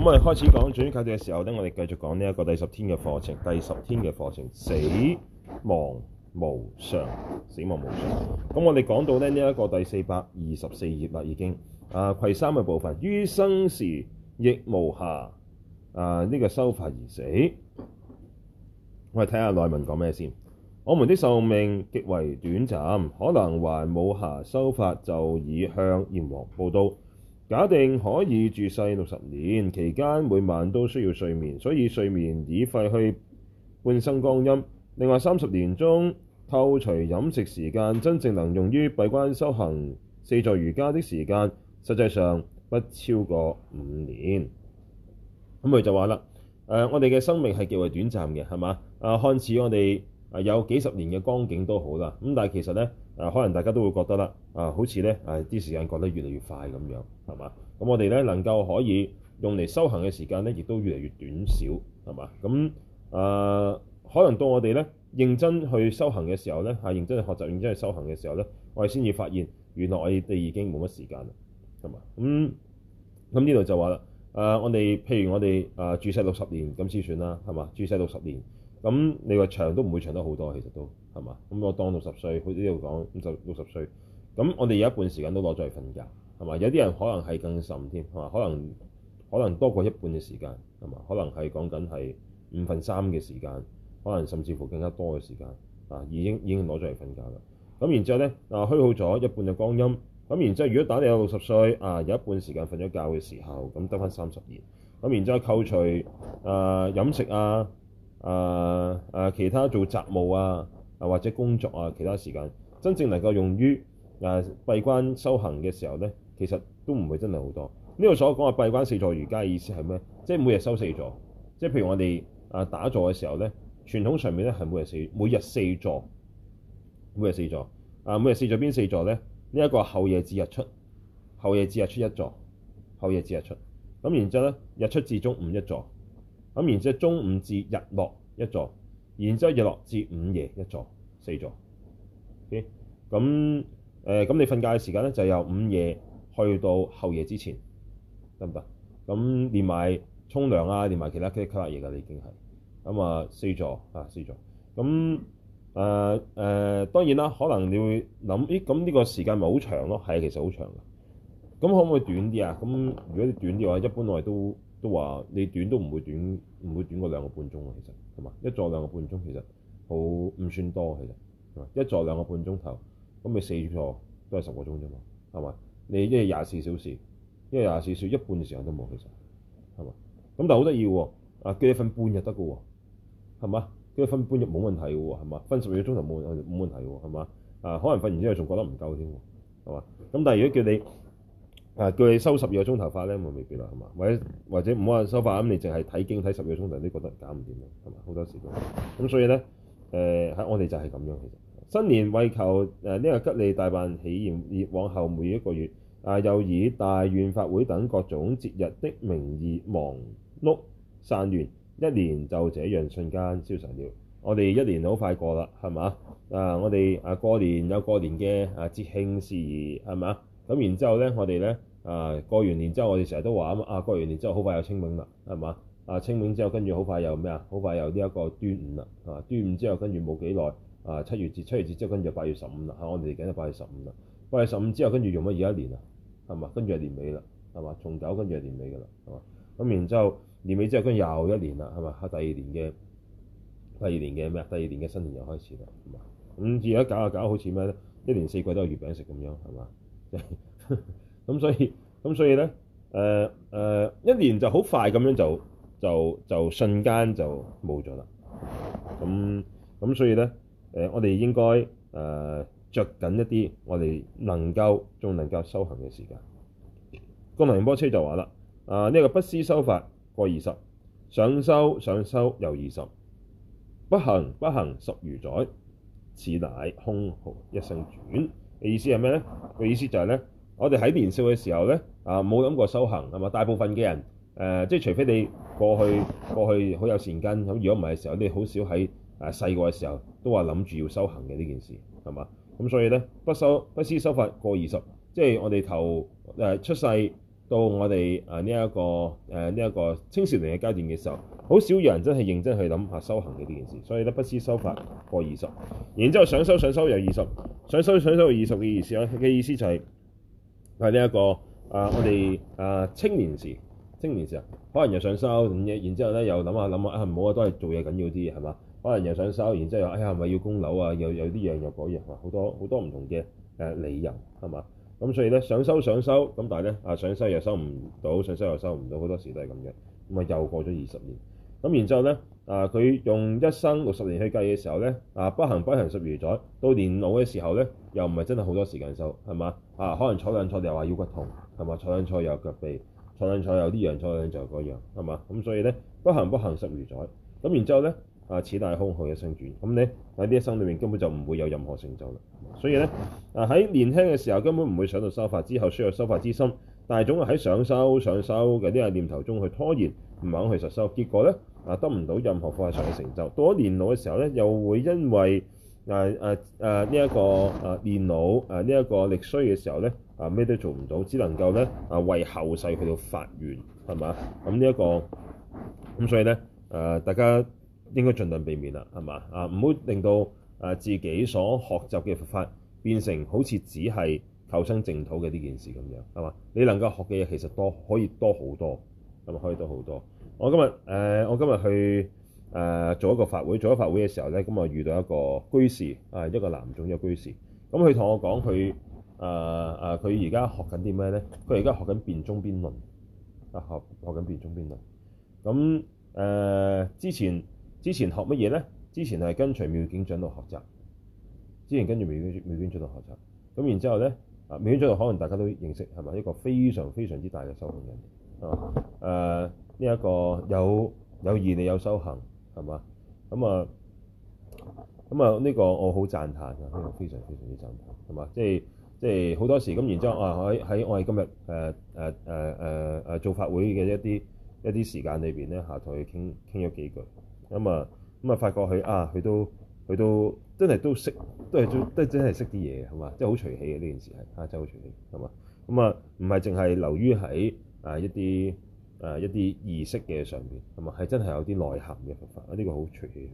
咁我哋開始講轉解讀嘅時候咧，我哋繼續講呢一個第十天嘅課程。第十天嘅課程，死亡無常，死亡無常。咁我哋講到咧呢一個第四百二十四頁啦，已經啊，癸三嘅部分，於生時亦無暇啊，呢個修法而死。我哋睇下內文講咩先。我們的壽命極為短暫，可能還無暇修法，就已向閻王報到。假定可以住世六十年，期間每晚都需要睡眠，所以睡眠已費去半生光陰。另外三十年中，扣除飲食時間，真正能用於閉關修行四座瑜伽的時間，實際上不超過五年。咁佢、嗯、就話啦、呃：我哋嘅生命係極為短暫嘅，係嘛？誒、呃，看似我哋誒有幾十年嘅光景都好啦，咁但係其實呢。啊，可能大家都會覺得啦，啊，好似咧，誒、啊、啲時間過得越嚟越快咁樣，係嘛？咁我哋咧能夠可以用嚟修行嘅時間咧，亦都越嚟越短少，係嘛？咁啊，可能到我哋咧認真去修行嘅時候咧，啊，認真去學習、認真去修行嘅時候咧，我哋先至發現，原來我哋已經冇乜時間啦，係嘛？咁咁呢度就話啦，誒、啊、我哋譬如我哋啊住世六十年咁先算啦，係嘛？住世六十年。咁你話長都唔會長得好多，其實都係嘛？咁我當六十歲，好似你講咁就五十六十歲。咁我哋有一半時間都攞咗嚟瞓覺，係嘛？有啲人可能係更甚添，係嘛？可能可能多過一半嘅時間，係嘛？可能係講緊係五分三嘅時間，可能甚至乎更加多嘅時間啊，已經已經攞咗嚟瞓覺啦。咁然之後咧，啊虛耗咗一半嘅光陰。咁然之後，如果打你有六十歲啊，有一半時間瞓咗覺嘅時候，咁得翻三十年。咁然之後扣除誒、啊、飲食啊。誒誒、呃呃，其他做雜務啊，或者工作啊，其他時間真正能夠用於誒、呃、閉關修行嘅時候咧，其實都唔會真係好多。呢度所講嘅閉關四座瑜伽嘅意思係咩？即係每日修四座，即係譬如我哋誒打坐嘅時候咧，傳統上面咧係每日四每日四座，每日四座。誒，每日四座邊四座咧？呢、這、一個後夜至日出，後夜至日出一座，後夜至日出。咁然之後咧，日出至中午一座。咁然之後，中午至日落一座，然之後日落至午夜一座，四座。咁、okay? 誒，咁、呃、你瞓覺嘅時間咧，就由午夜去到後夜之前，得唔得？咁連埋沖涼啊，連埋其他嘅其他嘢㗎，你已經係咁啊，四座啊，四座。咁誒誒，當然啦，可能你會諗，咦，咁呢個時間咪好長咯？係，其實好長嘅。咁可唔可以短啲啊？咁如果你短啲嘅話，一般我哋都，都話你短都唔會短，唔會短過兩個半鐘其實係嘛，一坐兩個半鐘其實好唔算多其實，係嘛，一坐兩個半鐘頭，咁你四座都係十個鐘啫嘛，係嘛？你一日廿四小時，一日廿四小時一半時間都冇其實，係嘛？咁但係好得意喎，啊叫你瞓半日得㗎喎，係嘛？叫你瞓半日冇問題㗎喎，係嘛？瞓十二個鐘頭冇冇問題嘅喎，係嘛？啊可能瞓完之後仲覺得唔夠添喎，係嘛？咁但係如果叫你啊！叫你收十二個鐘頭法咧，咪未必啦，係嘛？或者或者唔可能收法咁，你淨係睇經睇十二個鐘頭你覺得減唔掂啦，係嘛？好多時都咁，所以咧誒，喺、呃、我哋就係咁樣。其實新年為求誒呢、呃這個吉利大運喜宴，越往後每一個月，啊、呃，又以大願法會等各種節日的名義忙碌散完，一年就這樣瞬間消失了。我哋一年好快過啦，係咪？啊，我哋啊過年有過年嘅啊節慶事，係咪啊？咁然之後咧，我哋咧啊過完年之後，我哋成日都話啊啊過完年之後好快又清明啦，係嘛啊清明之後跟住好快又咩啊？好快又呢一個端午啦啊！端午之後跟住冇幾耐啊七月節，七月節之後跟住八月十五啦嚇，我哋嚟緊都八月十五啦。八月十五之後跟住用咗二一年啦，係嘛？跟住係年尾啦，係嘛？重九跟住係年尾㗎啦，係嘛？咁然之後年尾之後跟住又一年啦，係嘛？係第二年嘅第二年嘅咩啊？第二年嘅新年又開始啦，係嘛？咁而家搞下搞下好似咩咧？一年四季都有月餅食咁樣係嘛？咁 所以咁所以咧，誒、呃、誒、呃、一年就好快咁樣就就就瞬間就冇咗啦。咁咁所以咧，誒、呃、我哋應該誒、呃、著緊一啲我哋能夠仲能夠修行嘅時間。貢唐仁波切就話啦，啊、呃、呢、這個不思修法過二十，想修想修又二十，不行不行十餘載，此乃空耗一生傳。意思係咩咧？個意思就係、是、咧，我哋喺年少嘅時候咧，啊冇諗過修行係嘛？大部分嘅人，呃、即係除非你過去過去好有善根，如果唔係嘅時候，你好少喺誒細個嘅時候都話諗住要修行嘅呢件事係嘛？咁所以咧，不修，不思修法過二十，即係我哋頭出世，到我哋、呢一個、啊呢一、呢一個誒呢一個青少年嘅階段嘅時候，好少有人真係認真去諗下修行嘅呢件事，所以咧不思修法過二十，然之後想修想修又二十，想修有想修又二十嘅意思咧嘅意思就係係呢一個啊，啊我哋啊青年時，青年時啊可能又想修，然然之後咧又諗下諗下啊唔好啊都係做嘢緊要啲係嘛，可能又想修，然之後又哎呀係咪要供樓啊，又有啲樣又嗰樣啊，好多好多唔同嘅誒理由係嘛。咁所以咧想修想修，咁但係咧啊想修又修唔到，想修又修唔到，好多時都係咁嘅。咁啊又過咗二十年，咁然之後咧啊，佢用一生六十年去計嘅時候咧啊，不行不行，十餘載，到年老嘅時候咧又唔係真係好多時間修係嘛啊？可能坐兩坐又話腰骨痛係嘛，坐兩坐又腳痹，坐兩坐又啲樣坐兩就係嗰樣係嘛咁，所以咧不行不行，十餘載，咁然之後咧。啊！此乃空耗一生傳，咁你喺呢一生裏面根本就唔會有任何成就啦。所以咧，啊喺年輕嘅時候根本唔會想到修法，之後需要修法之心，但係總係喺想修想修嘅呢個念頭中去拖延，唔肯去實修，結果咧啊得唔到任何佛法上嘅成就。到咗年老嘅時候咧，又會因為啊啊啊呢一個啊年老啊呢一個力衰嘅時候咧啊咩都做唔到，只能夠咧啊為後世去到發願係嘛？咁呢一個咁所以咧啊大家。應該盡量避免啦，係嘛啊？唔好令到誒自己所學習嘅佛法變成好似只係求生淨土嘅呢件事咁樣，係嘛？你能夠學嘅嘢其實多，可以多好多，係咪可以多好多？我今日誒、呃，我今日去誒、呃、做一個法會，做一法會嘅時候咧，咁我遇到一個居士啊、呃，一個男眾嘅居士。咁佢同我講佢誒誒，佢而家學緊啲咩咧？佢而家學緊辨中邊論啊，學學緊辨中邊論。咁、啊、誒、呃、之前。之前學乜嘢咧？之前係跟隨妙境長度學習。之前跟住妙境妙境長度學習咁，然之後咧啊，妙境長度可能大家都認識係咪一個非常非常之大嘅修行人啊！誒呢一個有有義理有修行係嘛？咁啊咁啊，呢、嗯嗯嗯呢個我好讚歎啊！呢個非常非常之讚歎係嘛？即係即係好多時咁，然之後啊喺喺我哋今日誒誒誒誒誒做法會嘅一啲一啲時間裏邊咧，下台同佢傾傾咗幾句。咁、嗯嗯嗯、啊，咁啊，發覺佢啊，佢都佢都真係都識，都係都真係識啲嘢，係嘛，真係好隨喜嘅呢件事係，啊，真係好隨喜，係嘛。咁啊，唔係淨係留於喺啊一啲啊一啲儀式嘅上邊，係嘛，係真係有啲內涵嘅佛法，啊，呢個好隨喜。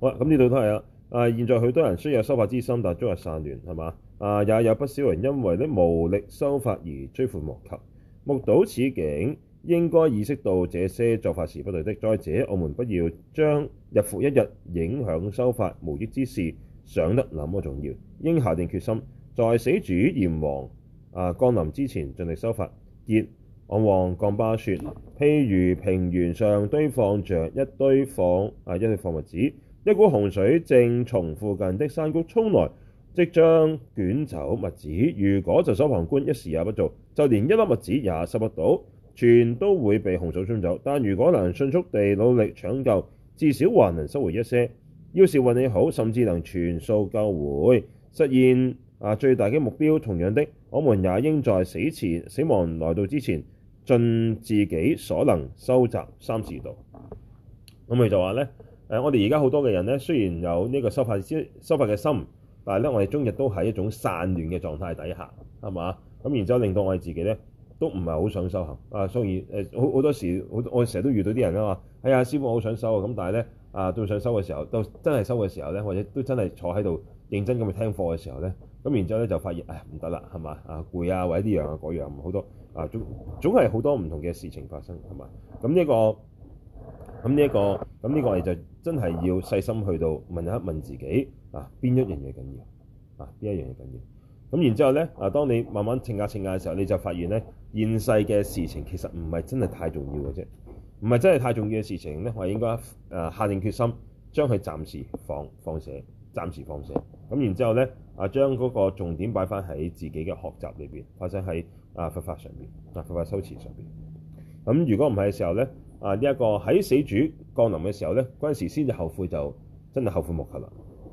好啦，咁呢度都係啦。啊，現在許多人雖有修法之心，但終日散亂，係嘛。啊，也有不少人因為啲無力修法而追悔莫及，目睹此景，應該意識到這些做法是不對的。再者，我們不要將日復一日影響修法無益之事想得那麼重要，應下定決心，在死主炎王啊、呃、降臨之前盡力修法。二我王降巴說，譬如平原上堆放着一堆放啊一堆廢物紙，一股洪水正從附近的山谷衝來，即將捲走物紙。如果就所旁觀，一時也不做，就連一粒物紙也收不到。全都會被洪水沖走，但如果能迅速地努力搶救，至少還能收回一些。要是運氣好，甚至能全數救回，實現啊最大嘅目標。同樣的，我們也應在死前、死亡來到之前，盡自己所能修習三士道。咁佢就話呢誒、呃，我哋而家好多嘅人呢，雖然有呢個修法修法嘅心，但係呢，我哋終日都喺一種散亂嘅狀態底下，係嘛？咁然之後令到我哋自己呢。」都唔係好想修行啊，所以誒，好、呃、好多時，好我成日都遇到啲人啊嘛，係、哎、啊，師傅我好想修啊，咁但係咧啊，到想修嘅時候，到真係修嘅時候咧，或者都真係坐喺度認真咁去聽課嘅時候咧，咁然之後咧就發現，唉唔得啦，係嘛？啊攰啊，或者呢樣啊嗰樣好多啊，總總係好多唔同嘅事情發生，係嘛？咁呢一個，咁呢一個，咁呢個我哋就真係要細心去到問一問自己啊，邊一樣嘢緊要啊？邊一樣嘢緊要？咁然之後咧，啊，當你慢慢靜下靜下嘅時候，你就發現咧，現世嘅事情其實唔係真係太重要嘅啫，唔係真係太重要嘅事情咧，我應該誒下定決心，將佢暫時放放捨，暫時放捨。咁然之後咧，啊，將嗰個重點擺翻喺自己嘅學習裏邊，或者喺啊佛法上邊，啊佛法修持上邊。咁如果唔係嘅時候咧，啊呢一個喺死主降臨嘅時候咧，嗰陣時先至後悔就真係後悔莫及啦，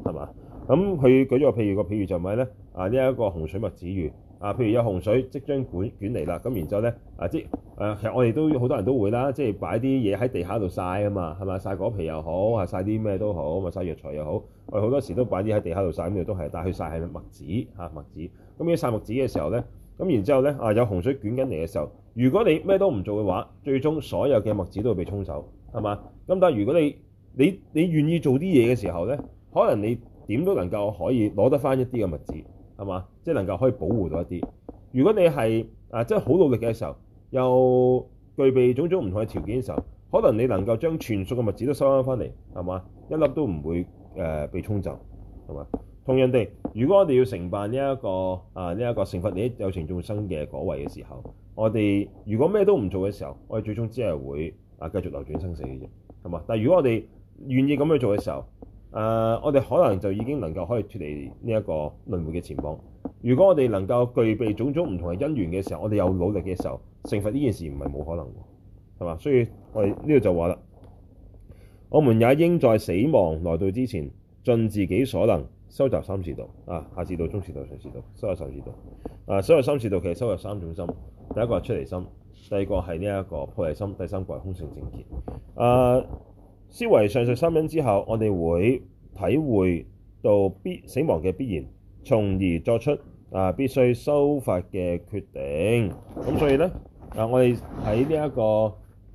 係嘛？咁佢舉咗個譬如，個譬如就係咩咧？啊呢一個洪水麥子魚啊，譬如有洪水即將捲捲嚟啦。咁然之後咧啊，即誒其實我哋都好多人都會啦，即係擺啲嘢喺地下度曬啊嘛，係咪？曬果皮又好，啊曬啲咩都好，啊曬藥材又好，我哋好多時都擺啲喺地下度曬，咁，就都係。但去曬曬係麥子嚇麥子。咁啲曬麥子嘅時候咧，咁然之後咧啊，有洪水捲緊嚟嘅時候，如果你咩都唔做嘅話，最終所有嘅麥子都會被沖走，係嘛？咁但係如果你你你，你願意做啲嘢嘅時候咧，可能你。點都能夠可以攞得翻一啲嘅物資，係嘛？即係能夠可以保護到一啲。如果你係啊，即係好努力嘅時候，又具備種種唔同嘅條件嘅時候，可能你能夠將全數嘅物資都收翻翻嚟，係嘛？一粒都唔會誒、呃、被沖走，係嘛？同樣地，如果我哋要承辦呢、這、一個啊呢一、這個成佛利益有情眾生嘅果位嘅時候，我哋如果咩都唔做嘅時候，我哋最終只係會啊繼續流轉生死嘅啫，係嘛？但係如果我哋願意咁去做嘅時候，誒，uh, 我哋可能就已經能夠可以脫離呢一個輪迴嘅前方。如果我哋能夠具備種種唔同嘅因緣嘅時候，我哋有努力嘅時候，成佛呢件事唔係冇可能，係嘛？所以我哋呢度就話啦，我們也應在死亡來到之前，盡自己所能收集三時道三士道啊，下士道、中士道、上士道，收集三士道、啊。啊，收集三士道、啊、其實收集三種心，第一個係出離心，第二個係呢一個菩提心，第三個係空性正見。誒、啊。思維上述三因之後，我哋會體會到必死亡嘅必然，從而作出啊必須修法嘅決定。咁所以呢，啊我哋喺呢一個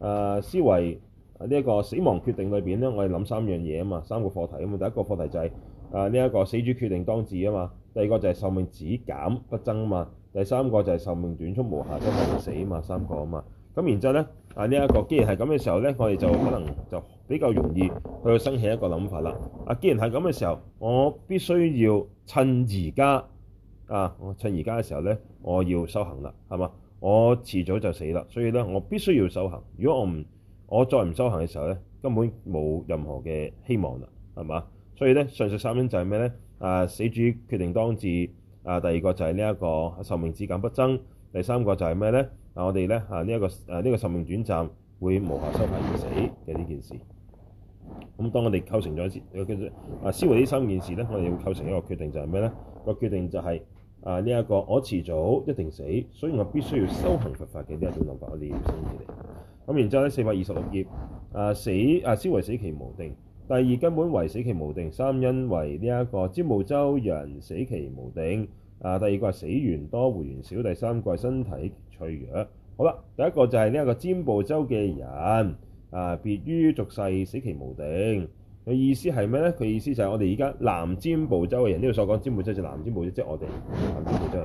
啊、呃、思維呢一、啊這個死亡決定裏邊呢，我哋諗三樣嘢啊嘛，三個課題啊嘛。第一個課題就係、是、啊呢一、這個死主決定當治啊嘛，第二個就係壽命只減不增啊嘛，第三個就係壽命短促無閒即係死啊嘛，三個啊嘛。咁然之後呢。啊！呢一個既然係咁嘅時候咧，我哋就可能就比較容易去生起一個諗法啦。啊！既然係咁嘅時候，我必須要趁而家啊！我趁而家嘅時候咧，我要修行啦，係嘛？我遲早就死啦，所以咧，我必須要修行。如果我唔我再唔修行嘅時候咧，根本冇任何嘅希望啦，係嘛？所以咧，上述三因就係咩咧？啊！死主決定當至啊！第二個就係呢一個壽命只減不增，第三個就係咩咧？嗱，我哋咧啊，呢、這、一個誒呢、這個壽命短暫，會無下修行而死嘅呢件事。咁當我哋構成咗誒叫做啊，思維呢三件事咧，我哋要構成一個決定就，就係咩咧個決定就係、是、啊呢一、這個我遲早一定死，所以我必須要修行佛法嘅呢一種六法嘅念想而嚟。咁然之後咧，四百二十六頁啊，死啊思維死期無定。第二根本為死期無定，三因為呢、這、一個瞻部洲人死期無定啊。第二個係死緣多，活緣少。第三個係身體脆弱，好啦，第一個就係呢一個瞻部洲嘅人啊，別於濁世，死期無定。佢意思係咩咧？佢意思就係我哋而家南瞻部洲嘅人呢度所講瞻部洲，就是、南瞻部洲，即係我哋南瞻部洲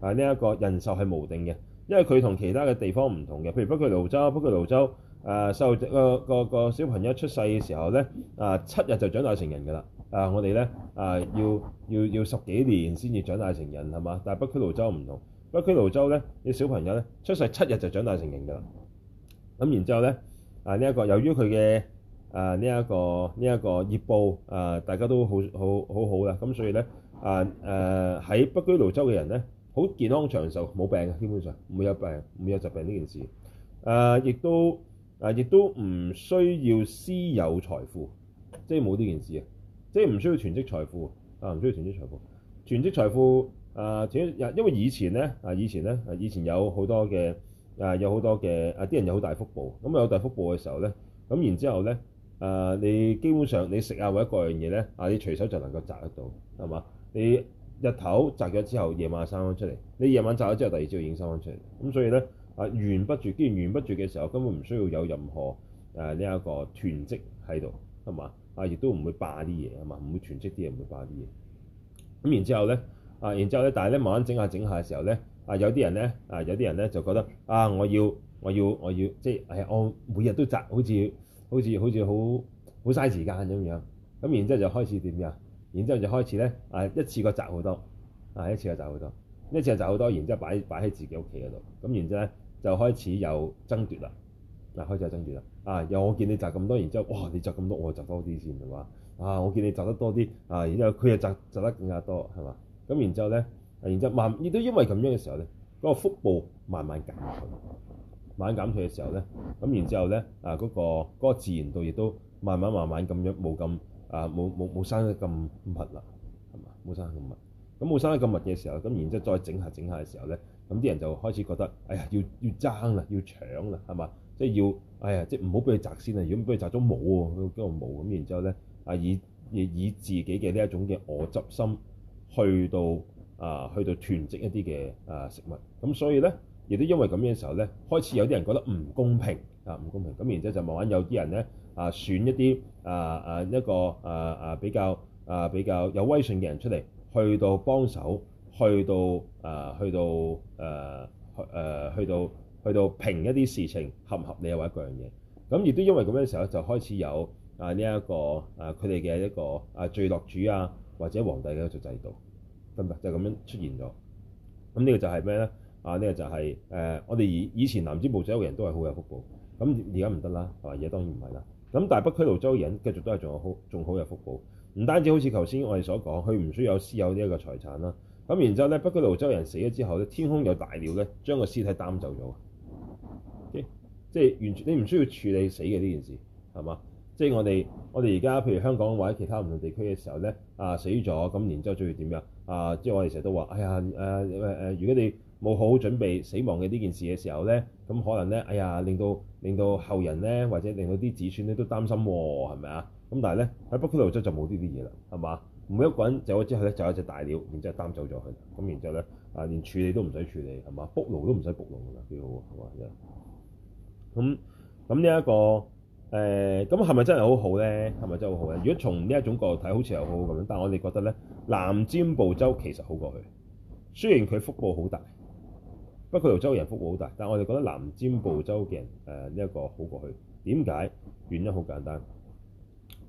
啊。呢、這、一個人壽係無定嘅，因為佢同其他嘅地方唔同嘅。譬如北俱廬洲，北俱廬洲誒、啊，受、啊、個個個小朋友出世嘅時候咧，啊，七日就長大成人㗎啦。啊，我哋咧啊，要要要,要十幾年先至長大成人係嘛？但係北俱廬洲唔同。北俱廬洲咧，你小朋友咧出世七日就長大成形㗎啦。咁然之後咧啊呢一、這個由於佢嘅啊呢一個呢一、這個業報啊、呃、大家都好好、好好好啦，咁所以咧啊誒喺北俱廬洲嘅人咧，好健康長壽冇病嘅，基本上冇有病冇有、有疾病呢件事誒亦、呃、都啊亦、呃、都唔需要私有財富，即係冇呢件事嘅，即係唔需要存積財富啊，唔需要存積財富，存積財富。啊！因因為以前咧啊，以前咧啊，以前有好多嘅啊，有好多嘅啊，啲人有好大福報咁有大福報嘅時候咧，咁、嗯、然之後咧啊、嗯，你基本上你食啊或者各樣嘢咧啊，你隨手就能夠摘得到係嘛？你日頭摘咗之後，夜晚生翻出嚟。你夜晚摘咗之後，第二朝已經生翻出嚟。咁、嗯、所以咧啊，圓不住，既然圓不住嘅時候，根本唔需要有任何啊呢一個囤積喺度係嘛啊，亦都唔會霸啲嘢係嘛，唔會囤積啲嘢，唔會霸啲嘢。咁、嗯、然之後咧。啊，然之後咧，但係咧，慢慢整下整下嘅時候咧，啊，有啲人咧，啊，有啲人咧就覺得啊，我要我要我要即係、就是，我每日都摘，好似好似好似好好嘥時間咁樣。咁然之後就開始點樣？然之後就開始咧，啊，一次過摘好多，啊，一次過摘好多，一次過摘好多，然之後擺擺喺自己屋企嗰度。咁然之後咧就開始有爭奪啦，啊，開始有爭奪啦。啊，又我見你摘咁多，然之後哇，你摘咁多，我摘多啲先係嘛？啊，我見你摘得多啲，啊，然之後佢又摘摘得更加多係嘛？咁然之後咧，啊，然之後慢，亦都因為咁樣嘅時候咧，嗰個腹部慢慢減退，慢慢減退嘅時候咧，咁然之後咧，啊，嗰個嗰個自然度亦都慢慢慢慢咁樣冇咁啊，冇冇冇生得咁密啦，係嘛，冇生得咁密。咁冇生得咁密嘅時候，咁然之後再整下整下嘅時候咧，咁啲人就開始覺得，哎呀，要要爭啦，要搶啦，係嘛，即係要，哎呀，即係唔好俾佢摘先啦，如果俾佢摘咗冇喎，嗰個冇。咁，然之後咧，啊，以以以自己嘅呢一種嘅我執心。去到啊，去到囤積一啲嘅啊食物，咁所以呢，亦都因為咁樣嘅時候呢，開始有啲人覺得唔公平啊，唔公平，咁、啊、然之後就望緊慢慢有啲人呢，啊，選一啲啊啊一個啊啊比較啊比較有威信嘅人出嚟，去到幫手，去到啊去到誒去誒去到去到評一啲事情合唔合理啊，或者嗰樣嘢，咁亦都因為咁樣嘅時候就開始有啊呢、這個啊、一個啊佢哋嘅一個啊聚落主啊。或者皇帝嘅一組制度，唔唔就咁、是、樣出現咗。咁呢個就係咩咧？啊，呢、這個就係、是、誒、呃，我哋以以前南支部洲南瞻部洲嘅人都係好有福報。咁而家唔得啦，係而家當然唔係啦。咁但係北俱盧洲人繼續都係仲有好仲好有，有福報。唔單止好似頭先我哋所講，佢唔需要有私有呢一個財產啦。咁然之後咧，北俱盧洲人死咗之後咧，天空有大鳥咧將個屍體擔走咗、欸。即係完全你唔需要處理死嘅呢件事，係嘛？即係我哋，我哋而家譬如香港或者其他唔同地區嘅時候咧，啊、呃、死咗，咁然之後仲要點樣啊？即係我哋成日都話，哎呀，誒誒誒，如果你冇好好準備死亡嘅呢件事嘅時候咧，咁可能咧，哎呀，令到令到後人咧，或者令到啲子孫咧都擔心喎，係咪啊？咁但係咧，喺北俱廬洲就冇呢啲嘢啦，係嘛？每一個人走咗之後咧，就有一隻大鳥，然之後擔走咗佢，咁然之後咧，啊連處理都唔使處理，係嘛？僕龍都唔使僕龍㗎啦，幾好喎，係嘛？咁咁呢一個。誒咁係咪真係好好咧？係咪真係好好咧？如果從呢一種角度睇，好似又好好咁樣，但係我哋覺得咧，南瞻部洲其實好過佢。雖然佢福報好大，北俱廬洲人福報好大，但係我哋覺得南瞻部洲嘅人誒呢一個好過佢。點解？原因好簡單，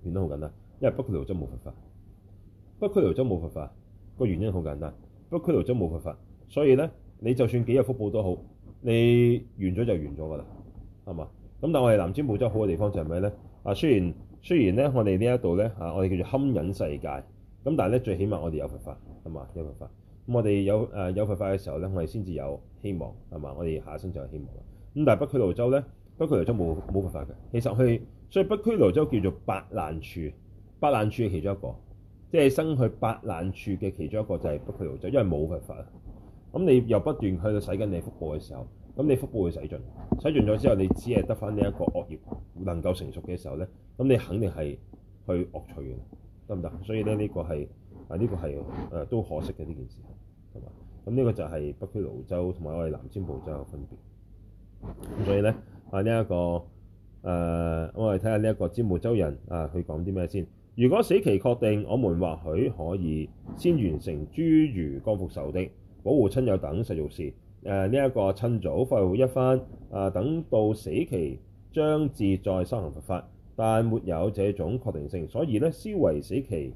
原因好簡單，因為北俱廬洲冇佛法，北俱廬洲冇佛法。個原因好簡單，北俱廬洲冇佛法，所以咧，你就算幾日福報都好，你完咗就完咗㗎啦，係嘛？咁但係我哋南瞻部洲好嘅地方就係咩咧？啊，雖然雖然咧，我哋呢一度咧，啊，我哋叫做堪忍世界。咁但係咧，最起碼我哋有佛法，係嘛？有佛法。咁、嗯、我哋有誒、呃、有佛法嘅時候咧，我哋先至有希望，係嘛？我哋下一生就有希望啦。咁、嗯、但係北俱廬洲咧，北俱廬洲冇冇佛法嘅。其實去所以北俱廬洲叫做八難處，八難處嘅其中一個，即係生去八難處嘅其中一個就係北俱廬洲，因為冇佛法啊。咁、嗯、你又不斷去到使緊你福報嘅時候。咁你福報會使盡，使盡咗之後，你只係得翻呢一個惡業能夠成熟嘅時候咧，咁你肯定係去惡趣嘅，得唔得？所以咧，呢、這個係啊，呢個係誒都可惜嘅呢件事，係嘛？咁呢個就係北俱盧洲同埋我哋南瞻部洲嘅分別。咁所以咧啊，呢、這、一個誒，呃、我哋睇下呢一個瞻部洲人啊，佢講啲咩先？如果死期確定，我們或許可以先完成諸如降伏仇敵、保護親友等世俗事。誒呢一個趁早揮霍一番，啊，等到死期將至再修行佛法，但沒有這種確定性，所以呢，思維死期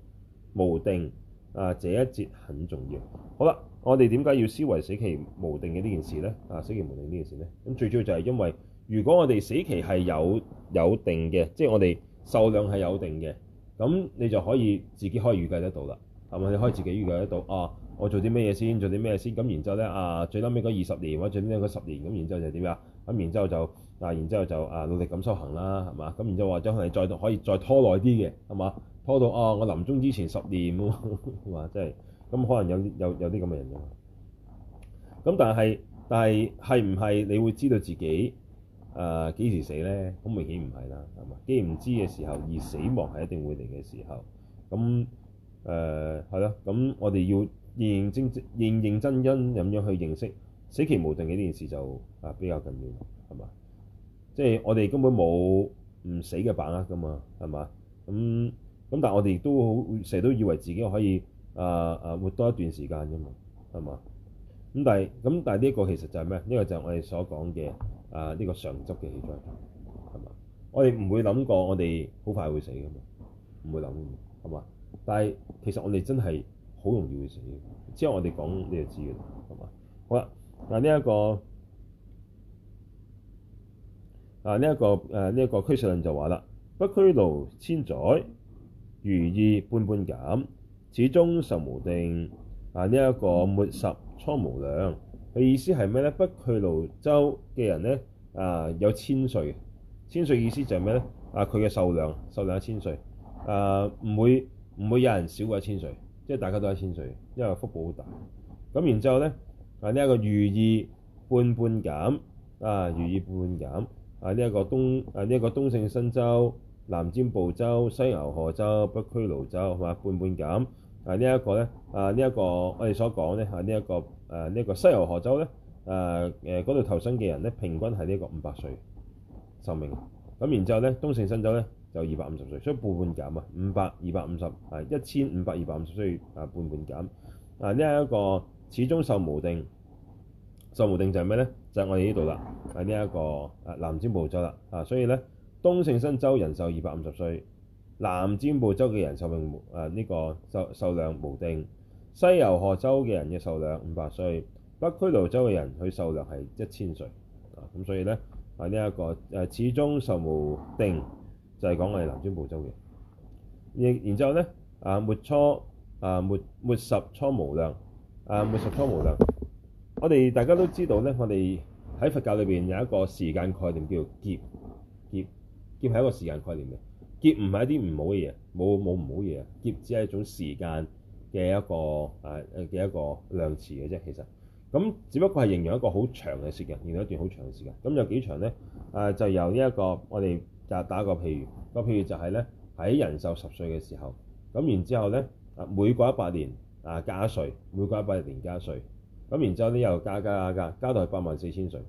無定啊，這一節很重要。好啦，我哋點解要思維死期無定嘅呢件事呢？啊，死期無定呢件事呢？咁、啊、最主要就係因為如果我哋死期係有有定嘅，即係我哋壽量係有定嘅，咁你就可以自己可以預計得到啦，係咪？你可以自己預計得到啊？我做啲咩嘢先？做啲咩嘢先？咁然之後咧啊，最尾嗰二十年或者最尾嗰十年咁，然之後就點呀？咁然之後就啊，然之後就啊，努力咁修行啦，係嘛？咁然之後或者係再可以再拖耐啲嘅，係嘛？拖到啊，我臨終之前十年喎，話真係咁，可能有有有啲咁嘅人㗎嘛。咁但係但係係唔係？是是你會知道自己啊幾、呃、時死咧？好明顯唔係啦，係嘛？既然唔知嘅時候，而死亡係一定會嚟嘅時候，咁誒係咯。咁、嗯、我哋要。認真真認認真真咁樣去認識死期無定嘅呢件事就啊比較緊要，係嘛？即係我哋根本冇唔死嘅把握噶嘛，係嘛？咁、嗯、咁但係我哋亦都好成日都以為自己可以啊啊、呃呃、活多一段時間㗎嘛，係嘛？咁但係咁但係呢個其實就係咩？呢、這個就係我哋所講嘅啊呢個常執嘅氣象，係嘛？我哋唔會諗過我哋好快會死㗎嘛，唔會諗㗎嘛，係嘛？但係其實我哋真係。好容易會死，之後我哋講你就知嘅啦，係嘛？好啦，嗱呢一個嗱呢一個誒呢一個俱舍論就話啦，北俱廬千載，餘二半半減，此中壽無定。啊，呢、這、一個未十初無量嘅意思係咩咧？北俱廬洲嘅人咧啊，有千歲，千歲意思就係咩咧？啊，佢嘅壽量壽量一千歲，誒、啊，唔會唔會有人少過千歲。即係大家都係千歲，因為福報好大。咁然之後咧，啊呢一個餘二半半減啊，餘二半半減啊呢一個東啊呢一個東勝新州、南尖部州、西牛河州、北區盧州，係嘛半半減啊呢一個咧啊呢一個我哋所講咧啊呢一個誒呢個西牛河州咧誒誒，嗰度投生嘅人咧，平均係呢個五百歲壽命。咁然之後咧，東勝新州咧。就二百五十歲，所以半半減啊！五百二百五十啊，一千五百二百五十歲啊，半半減啊。呢一個始終壽無定，壽無定就係咩呢？就係、是、我哋呢度啦，喺呢一個啊南瞻部洲啦啊。所以呢，東勝神洲人壽二百五十歲，南瞻部洲嘅人壽命誒呢個壽壽量無定，西遊河州嘅人嘅壽量五百歲，北俱廬洲嘅人佢壽量係一千歲啊。咁所以呢，喺呢一個誒、啊、始終壽無定。就係講我哋南瞻部洲嘅，亦然之後咧，啊末初啊末末十初無量啊末十初無量，我哋大家都知道咧，我哋喺佛教裏邊有一個時間概念叫做劫劫劫係一個時間概念嘅，劫唔係一啲唔好嘅嘢，冇冇唔好嘢，劫只係一種時間嘅一個啊嘅一個量詞嘅啫，其實咁只不過係形容一個好長嘅時間，形容一段好長嘅時間，咁有幾長咧？啊就由呢一個我哋。就打個譬如，個譬如就係咧，喺人壽十歲嘅時候，咁然之後咧啊，每個一百年啊加一歲，每個一百年加一歲，咁然之後呢，又加加加加，加到去八萬四千歲，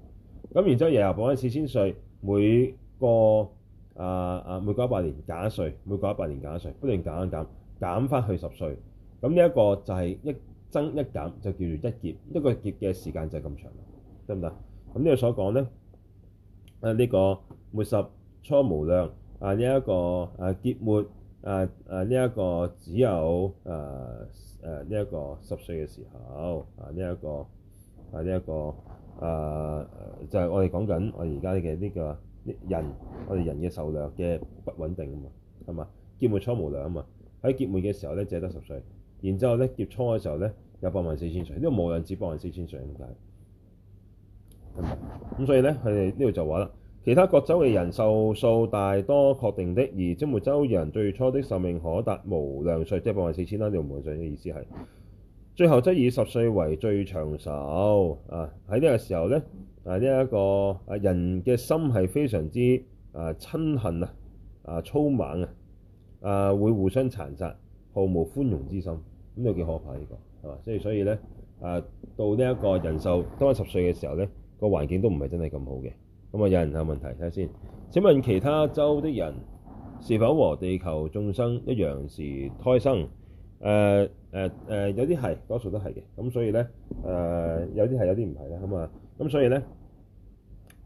咁然之後又又補翻四千歲，每個啊啊、呃、每個一百年減一歲，每個一百年減一歲，不斷減一減減翻去十歲，咁呢一個就係一增一減就叫做一劫，一個劫嘅時間就係咁長，得唔得？咁、這、呢個所講咧誒呢、這個每十。初無量啊！呢、這、一個啊結末、這個、啊、這個、啊呢一、這個只有啊誒呢一個十歲嘅時候啊呢一個啊呢一個啊就係、是、我哋講緊我哋而家嘅呢個人我哋人嘅壽量嘅不穩定啊嘛係嘛？結末初無量啊嘛喺結末嘅時候咧只係得十歲，然之後咧結初嘅時候咧有八萬四千歲呢個無量至八萬四千歲咁解，咁所以咧佢哋呢度就話啦。其他各洲嘅人壽數大多確定的，而瞻部洲人最初的壽命可達無量歲，即係百萬四千粒年無量歲嘅意思係。最後則以十歲為最長壽啊！喺呢個時候咧，啊呢一個啊人嘅心係非常之啊親恨啊，啊粗猛啊，啊會互相殘殺，毫無寬容之心。咁又幾可怕呢個係嘛？即係所以咧啊，到呢一個人壽到十歲嘅時候咧，個環境都唔係真係咁好嘅。咁啊，有人有問題睇下先看看。請問其他洲的人是否和地球眾生一樣是胎生？誒誒誒，有啲係，多數都係嘅。咁所以咧誒、呃，有啲係，有啲唔係咧咁啊。咁所以咧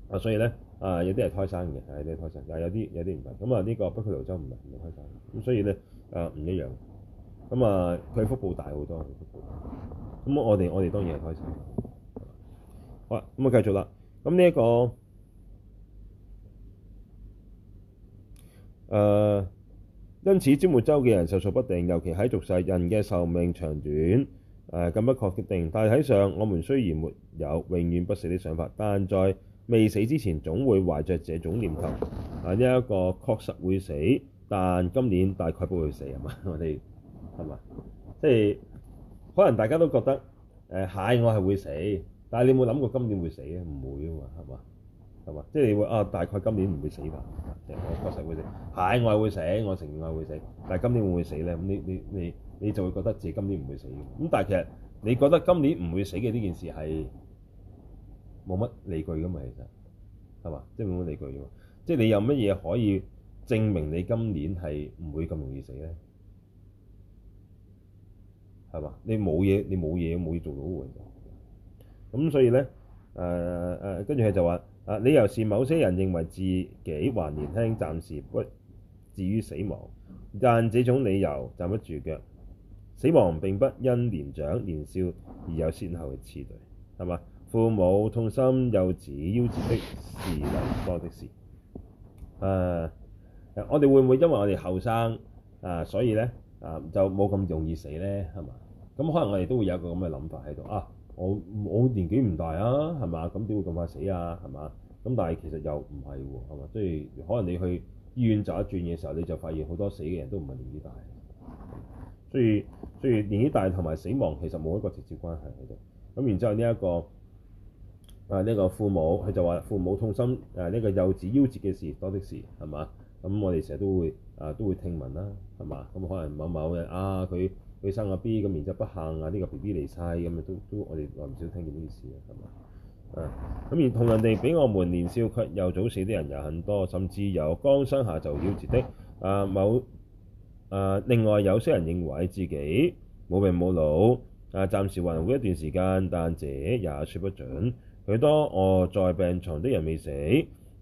啊，所以咧啊，有啲係胎生嘅，有啲胎生，有有啲有啲唔係。咁啊，呢個北俱盧洲唔係唔係胎生。咁所以咧誒，唔一樣。咁啊，佢福報大好多。咁我哋我哋當然係胎生。好啦，咁啊，繼續啦。咁呢一個。誒、呃，因此，瞻部洲嘅人壽數不定，尤其喺濁世，人嘅壽命長短誒，咁、呃、不確定。但係喺上，我們雖然沒有永遠不死的想法，但在未死之前，總會懷着這種念頭。但一個確實會死，但今年大概不會死，係嘛？我哋係嘛？即係可能大家都覺得誒、呃、蟹我係會死，但係你有冇諗過今年會死啊？唔會啊嘛，係嘛？係嘛？即係你會啊？大概今年唔會死吧？誒，我確實會死，係我係會死，我承認我係會死，但係今年會唔會死咧？咁、嗯、你你你你就會覺得自己今年唔會死咁，但係其實你覺得今年唔會死嘅呢件事係冇乜理據㗎嘛？其實係嘛？即係冇乜理據㗎嘛？即係你有乜嘢可以證明你今年係唔會咁容易死咧？係嘛？你冇嘢，你冇嘢，冇嘢做到㗎。咁所以咧，誒誒，跟住佢就話。啊！理由是某些人認為自己還年輕，暫時不至於死亡，但這種理由站不住腳。死亡並不因年長年少而有先後嘅次序，係嘛？父母痛心幼子夭折的事例多的是。誒、啊、我哋會唔會因為我哋後生啊，所以呢啊，就冇咁容易死呢？係嘛？咁可能我哋都會有一個咁嘅諗法喺度啊。我我年紀唔大啊，係嘛？咁點會咁快死啊？係嘛？咁但係其實又唔係喎，係嘛？即係可能你去醫院走一轉嘅時候，你就發現好多死嘅人都唔係年紀大，所以所以年紀大同埋死亡其實冇一個直接關係喺度。咁然之後呢、這、一個啊呢、這個父母，佢就話父母痛心誒呢、啊這個幼子夭折嘅事多的是，係嘛？咁我哋成日都會啊都會聽聞啦係嘛？咁可能某某嘅。啊佢。佢生個 B，咁然之後不幸，這個，不啊！呢個 B B 嚟晒咁啊，都都我哋話唔少聽見呢件事啊，係嘛啊，咁而同人哋比，我們年少卻又早死的人又很多，甚至有剛生下就夭折的啊。某啊，另外有些人認為自己冇病冇老啊，暫時還活一段時間，但這也說不準。許多臥在病床的人未死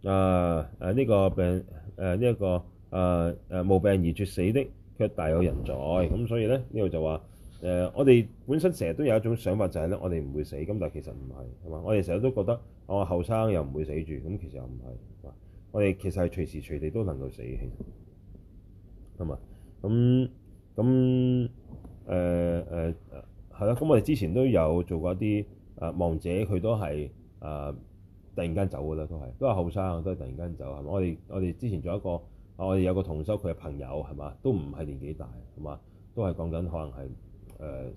啊啊！呢、啊這個病誒呢一個啊誒、啊、無病而猝死的。卻大有人在，咁所以咧呢度就話誒、呃，我哋本身成日都有一種想法就係咧，我哋唔會死，咁但係其實唔係，係嘛？我哋成日都覺得我後生又唔會死住，咁其實又唔係，係嘛？我哋其實係隨時隨地都能夠死，其實係嘛？咁咁誒誒係咯，咁、呃呃、我哋之前都有做過一啲誒亡者，佢都係誒、呃、突然間走㗎喇，都係都係後生，都係突然間走，係嘛？我哋我哋之前做一個。啊！我哋有個同修，佢嘅朋友係嘛都唔係年紀大，係嘛都係講緊可能係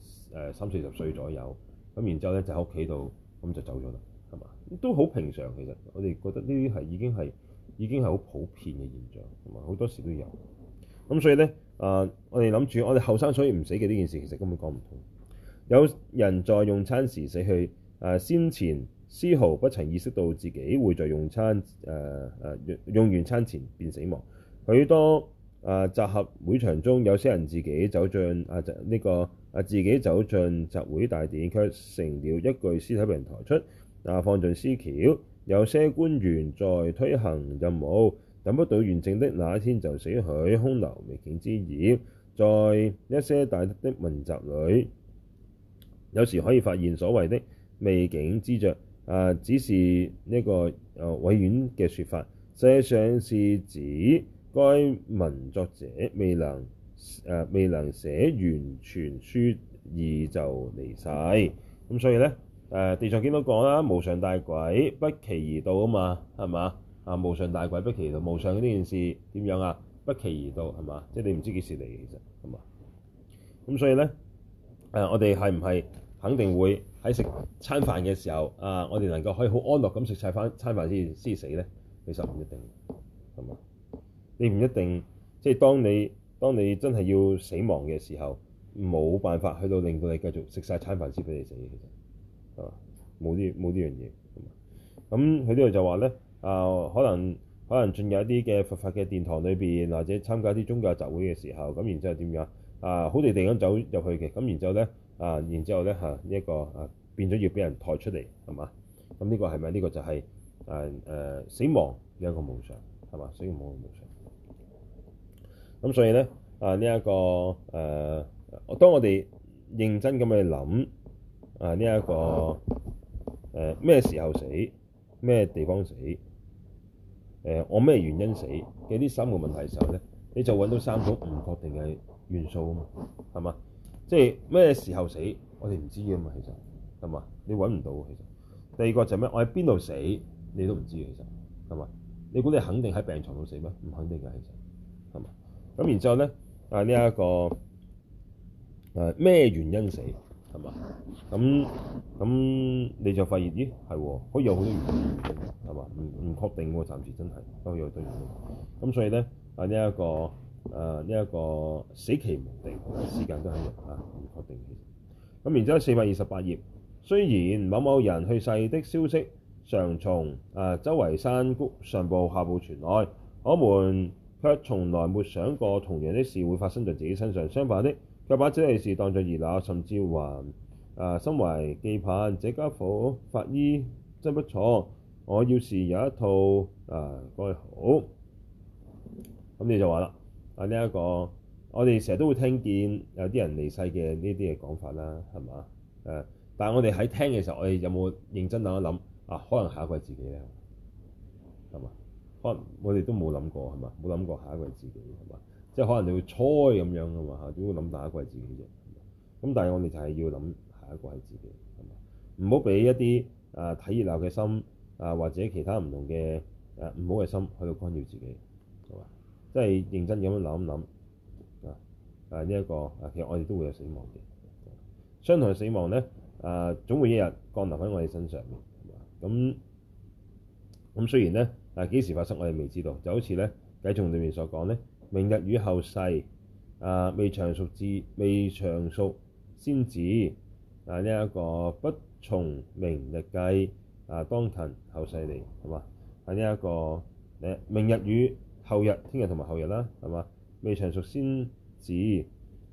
誒誒三四十歲左右咁。然之後咧就喺屋企度咁就走咗啦，係嘛都好平常。其實我哋覺得呢啲係已經係已經係好普遍嘅現象，同埋好多時都有咁。所以咧啊、呃，我哋諗住我哋後生所以唔死嘅呢件事，其實根本講唔通。有人在用餐時死去，誒、呃、先前絲毫不曾意識到自己會在用餐誒誒、呃、用用完餐前便死亡。許多啊集合會場中，有些人自己走進啊，呢、這個啊自己走進集會大殿，卻成了一具屍體被人抬出啊，放在屍轎。有些官員在推行任務，等不到完成的那一天就死去，空留未竟之業。在一些大德的文集裏，有時可以發現所謂的未竟之著啊，只是呢個、啊、委婉嘅説法，實際上是指，該文作者未能誒、呃、未能寫完全書，而就離世咁，所以咧誒、呃、地藏經都講啦，無常大鬼不期而到啊嘛，係嘛啊，無常大鬼不期而到？無常呢件事點樣啊？不期而到係嘛？即係你唔知幾時嚟，其實係嘛咁，所以咧誒、呃，我哋係唔係肯定會喺食餐飯嘅時候啊，我哋能夠可以好安樂咁食曬翻餐飯先先死咧？其實唔一定係嘛。你唔一定即係，當你當你真係要死亡嘅時候，冇辦法去到令到你繼續食晒餐飯先俾你死，其實係嘛？冇啲冇呢樣嘢咁。佢呢度就話咧啊，可能可能進入一啲嘅佛法嘅殿堂裏邊，或者參加啲宗教集會嘅時候，咁然之後點樣、呃後呃、後啊？好地地咁走入去嘅，咁然之後咧啊，然之後咧嚇呢一個啊變咗要俾人抬出嚟係嘛？咁呢個係咪呢個就係誒誒死亡一個夢想係嘛？所以冇嘅夢想。咁所以咧，啊呢一個誒，當我哋認真咁去諗，啊呢一個誒咩時候死，咩地方死，誒我咩原因死，嘅呢三個問題嘅時候咧，你就揾到三種唔確定嘅元素啊嘛，係嘛？即係咩時候死，我哋唔知嘅嘛，其實係嘛？你揾唔到其實。第二個就係咩？我喺邊度死，你都唔知其實，係嘛？你估你肯定喺病床度死咩？唔肯定嘅其實。咁然之後咧，啊呢一、這個誒咩、啊、原因死係嘛？咁咁你就發現，咦係、啊、可以有好多原因嘅，係嘛？唔唔確定喎，暫時真係都有好多原因。咁所以咧，啊呢一個誒呢一個死期無定，時間都係唔確定嘅。咁然之後四百二十八頁，雖然某某人去世的消息常從誒周圍山谷上部下部傳來，我們卻從來沒想過同樣的事會發生在自己身上。相反的，卻把這類事當作熱鬧，甚至還啊心懷期盼。這、呃、傢伙法衣真不錯，我要是有一套啊該、呃、好。咁你就話啦，啊呢一、這個，我哋成日都會聽見有啲人離世嘅呢啲嘅講法啦，係嘛？誒、呃，但係我哋喺聽嘅時候，我哋有冇認真諗一諗啊？可能下一個係自己咧，係嘛？可能我哋都冇諗過係嘛，冇諗過下一個係自己係嘛，即係可能你會猜咁樣㗎嘛嚇，都諗下一個係自己啫。咁但係我哋就係要諗下一個係自己，係嘛？唔好俾一啲啊睇熱鬧嘅心啊、呃，或者其他唔同嘅誒唔好嘅心去到干擾自己，係嘛？即係認真咁樣諗一諗啊啊呢一個啊，其實我哋都會有死亡嘅，相同死亡咧啊、呃，總會一日降臨喺我哋身上面，係嘛？咁咁雖然咧。嗱幾、啊、時發生我哋未知道，就好似咧偈中裏面所講咧，明日與後世啊，未詳孰至未詳孰先至啊呢一、這個不從明日計啊，當勤後世利，係嘛？啊呢一、這個咧，明日與後日、聽日同埋後日啦，係嘛？未詳孰先至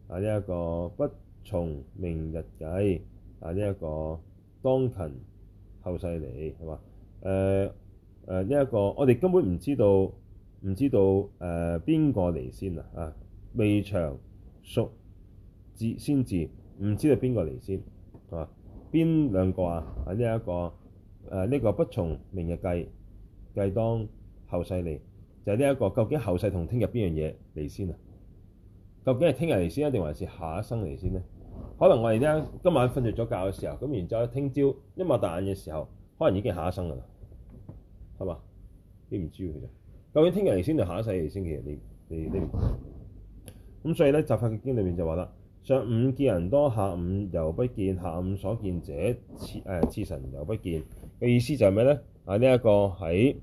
啊呢一、這個不從明日計啊呢一、這個當勤後世利，係嘛？誒、呃。誒呢一個，我哋根本唔知道，唔知道誒邊、呃、個嚟先啊？啊，未詳孰先至，唔知道邊個嚟先啊？邊兩個啊？啊呢一、這個誒呢、啊這個不重明日計，計當後世利，就係呢一個。究竟後世同聽日邊樣嘢嚟先啊？究竟係聽日嚟先，定還是下一生嚟先咧？可能我哋咧今晚瞓着咗覺嘅時候，咁然之後聽朝一擘大眼嘅時候，可能已經下一生噶啦。係嘛？你唔知佢啫。究竟聽日嚟先定下一世嚟先？其實你你你咁，所以咧《集法經》裏面就話啦：上午見人多，下午又不見；下午所見者，誒次,、呃、次晨又不見。嘅意思就係咩咧？啊，呢、這、一個喺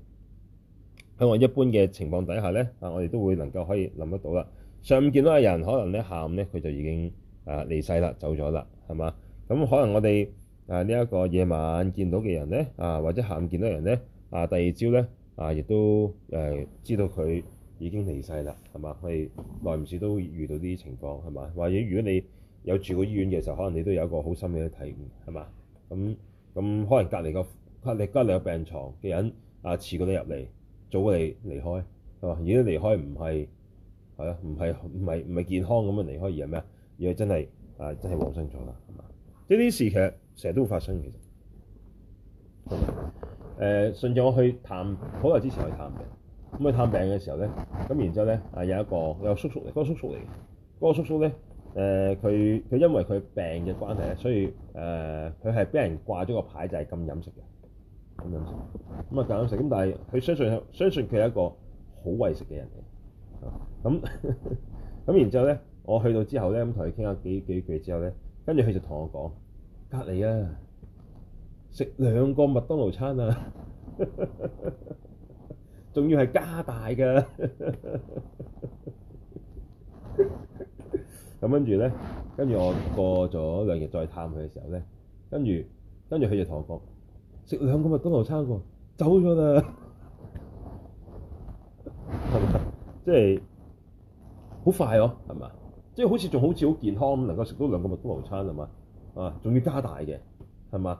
喺我一般嘅情況底下咧，啊，我哋都會能夠可以諗得到啦。上午見到嘅人，可能咧下午咧佢就已經啊、呃、離世啦，走咗啦，係嘛？咁可能我哋啊呢一個夜晚見到嘅人咧，啊或者下午見到嘅人咧。啊！第二招咧，啊，亦都誒、呃、知道佢已經離世啦，係嘛？我哋耐唔時都遇到啲情況，係嘛？或者如果你有住過醫院嘅時候，可能你都有一個好深嘅體悟，係嘛？咁咁、嗯嗯、可能隔離個隔離隔離有病牀嘅人啊，遲過你入嚟，早過你離開，係嘛？如果離開唔係係咯，唔係唔係唔係健康咁樣離開，而係咩啊？而係真係啊，真係往生咗啦，係嘛？呢啲事其實成日都會發生嘅。其實誒、呃、順住我去探好耐之前去探病，咁去探病嘅時候咧，咁然之後咧，啊有一個有一個叔叔，嗰、那個叔叔嚟嘅，嗰、那個叔叔咧，誒佢佢因為佢病嘅關係咧，所以誒佢係俾人掛咗個牌就飲，就係禁飲食嘅，禁飲食，咁啊減食，咁但係佢相信相信佢係一個好為食嘅人嚟，啊咁咁、嗯、 然之後咧我去到之後咧咁同佢傾下幾幾句之後咧，跟住佢就同我講隔籬啊。 食兩個麥當勞餐啊，仲 要係加大嘅。咁 跟住咧，跟住我過咗兩日再探佢嘅時候咧，跟住跟住佢就同我講：食兩個麥當勞餐喎，走咗啦。 係咪？即係好快哦、啊，係嘛？即係好似仲好似好健康，能夠食到兩個麥當勞餐係嘛？啊，仲要加大嘅係嘛？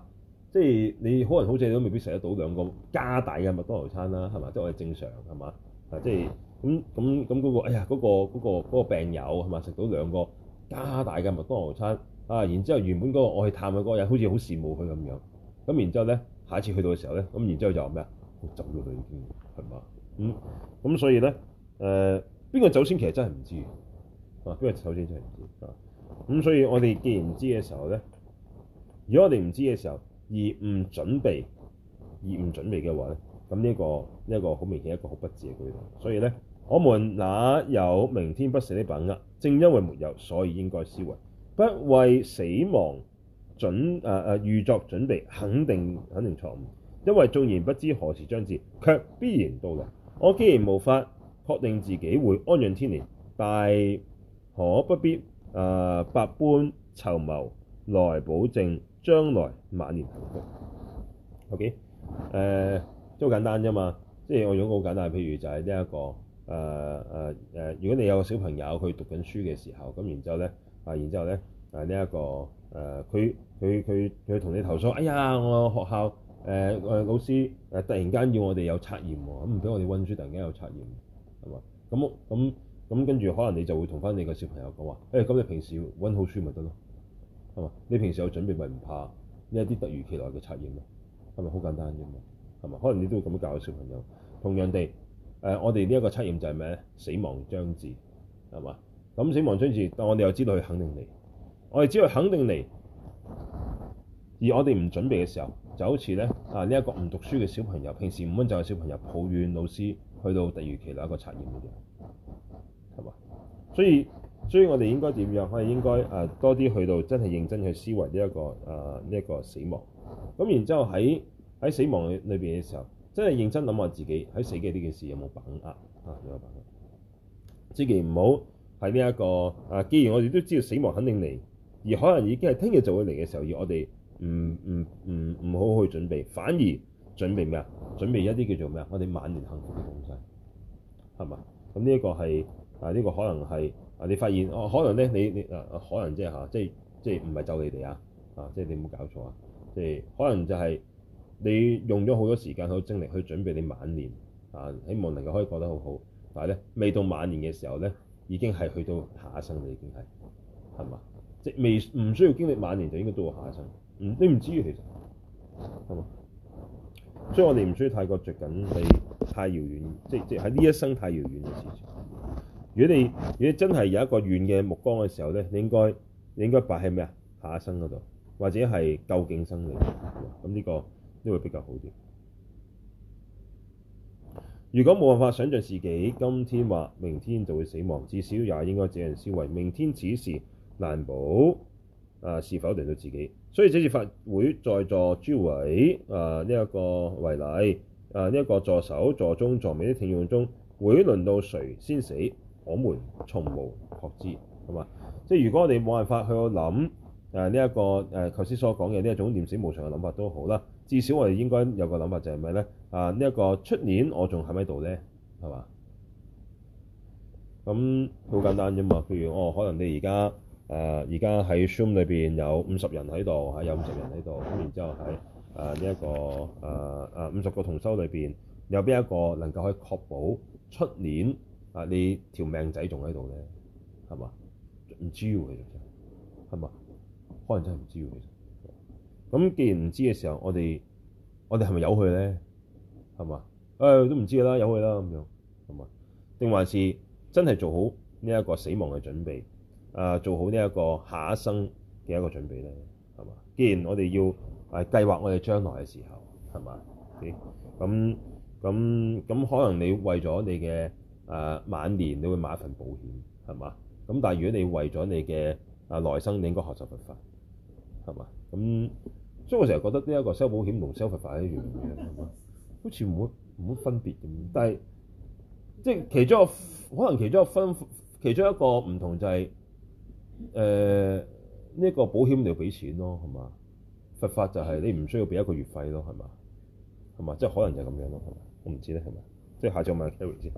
即係你可能好似都未必食得到兩個加大嘅麥當勞餐啦，係嘛？即係我哋正常係嘛？啊，即係咁咁咁嗰個，哎呀，嗰個嗰個嗰個病友係嘛？食到兩個加大嘅麥當勞餐啊，然之後原本嗰個我去探嘅嗰個人好似好羨慕佢咁樣，咁然之後咧，下一次去到嘅時候咧，咁然之後又咩啊？就走咗咗已經係嘛？嗯，咁所以咧，誒邊個走先其實真係唔知，啊邊個走先真係唔知啊。咁所以我哋既然唔知嘅時候咧，如果我哋唔知嘅時候。啊啊而唔準備，而唔準備嘅話咧，咁、這、呢個呢、這個、一個好明顯一個好不智嘅舉動。所以呢，我們哪有明天不死的把握？正因為沒有，所以應該思惟不為死亡準誒誒預作準備，肯定肯定錯誤。因為縱然不知何時將至，卻必然到來。我既然無法確定自己會安養天年，但可不必誒、呃、百般籌謀來保證。將來晚年幸福，OK？誒、呃，都簡單啫嘛，即係我用個好簡單，譬如就係呢一個誒誒誒，如果你有個小朋友佢讀緊書嘅時候，咁然之後咧，啊，然之後咧，啊呢一個誒，佢佢佢佢同你投訴，哎呀，我學校誒誒、呃、老師誒、啊、突然間要我哋有測驗喎，咁唔俾我哋温書，突然間有測驗，係嘛？咁咁咁跟住可能你就會同翻你個小朋友講話，誒、欸，咁你平時温好書咪得咯。係嘛？你平時有準備咪唔怕呢一啲突如其來嘅測驗咯，係咪好簡單啫嘛？係嘛？可能你都會咁樣教小朋友。同樣地，誒、呃、我哋呢一個測驗就係咩死亡將至，係嘛？咁死亡將至，但我哋又知道佢肯定嚟，我哋知道佢肯定嚟，而我哋唔準備嘅時候，就好似咧啊呢一、這個唔讀書嘅小朋友，平時唔温習嘅小朋友抱怨老師，去到突如其來一個測驗嘅樣，係嘛？所以。所以我哋應該點樣？我哋應該誒、呃、多啲去到真係認真去思維呢、這、一個誒呢一個死亡。咁然之後喺喺死亡嘅裏邊嘅時候，真係認真諗下自己喺死嘅呢件事有冇把握？嚇、啊、有冇把握？自己唔好喺呢一個誒、呃，既然我哋都知道死亡肯定嚟，而可能已經係聽日就會嚟嘅時候，要我哋唔唔唔唔好去準備，反而準備咩啊？準備一啲叫做咩啊？我哋晚年幸福嘅東西係咪？咁呢一個係。啊！呢個可能係啊，你發現哦，可能咧，你你啊，可能即係嚇，即係即係唔係咒你哋啊？啊，即係你冇搞錯啊！即係可能就係你用咗好多時間、好精力去準備你晚年啊，希望能夠可以過得好好，但係咧未到晚年嘅時候咧，已經係去到下一生你已經係係嘛？即係未唔需要經歷晚年，就應該到下一生。唔，你唔知其實係嘛？所以我哋唔需要太過着緊你太遙遠，即係即係喺呢一生太遙遠嘅事情。如果，如果你真係有一個遠嘅目光嘅時候呢，你應該你應該擺喺咩啊？下一生嗰度，或者係究竟生靈咁呢個呢、這個會比較好啲。如果冇辦法想像自己，今天或明天就會死亡，至少也應該這樣思維。明天此時難保啊，是否輪到自己？所以這次法會在座諸位啊，一、這個為例啊，一、這個座首、座中、座尾的聽眾中，會輪到誰先死？我們從無確知，係嘛？即係如果我哋冇辦法去諗誒呢一個誒頭先所講嘅呢一種念死無常嘅諗法都好啦，至少我哋應該有個諗法就係咩咧？啊、呃，呢、這、一個出年我仲喺唔喺度咧？係嘛？咁好簡單啫嘛。譬如我、哦、可能你而家誒而家喺 Zoom 裏邊有五十人喺度嚇，有五十人喺度咁，然之後喺誒呢一個誒誒五十個同修裏邊，有邊一個能夠去以確保出年？啊！你條命仔仲喺度咧，係嘛？唔知喎，其實係嘛？可能真係唔知喎、啊，其實咁。既然唔知嘅時候，我哋我哋係咪由佢咧？係嘛？誒、哎、都唔知㗎啦，由佢啦咁樣係嘛？定還是真係做好呢一個死亡嘅準備？誒、啊，做好呢一個下一生嘅一個準備咧係嘛？既然我哋要誒計劃我哋將來嘅時候係嘛？咁咁咁，可能你為咗你嘅。誒、啊、晚年你會買一份保險係嘛？咁但係如果你為咗你嘅誒來生，你應該學習佛法係嘛？咁所以我成日覺得呢一個 sell 保險同 sell 佛法一樣嘅，係嘛？好似冇冇分別咁，但係即係其中可能其中一個分其中一個唔同就係誒呢個保險你要俾錢咯係嘛？佛法就係你唔需要俾一個月費咯係嘛？係嘛？即係可能就係咁樣咯係嘛？我唔知咧係咪。即係下次我問 carry 先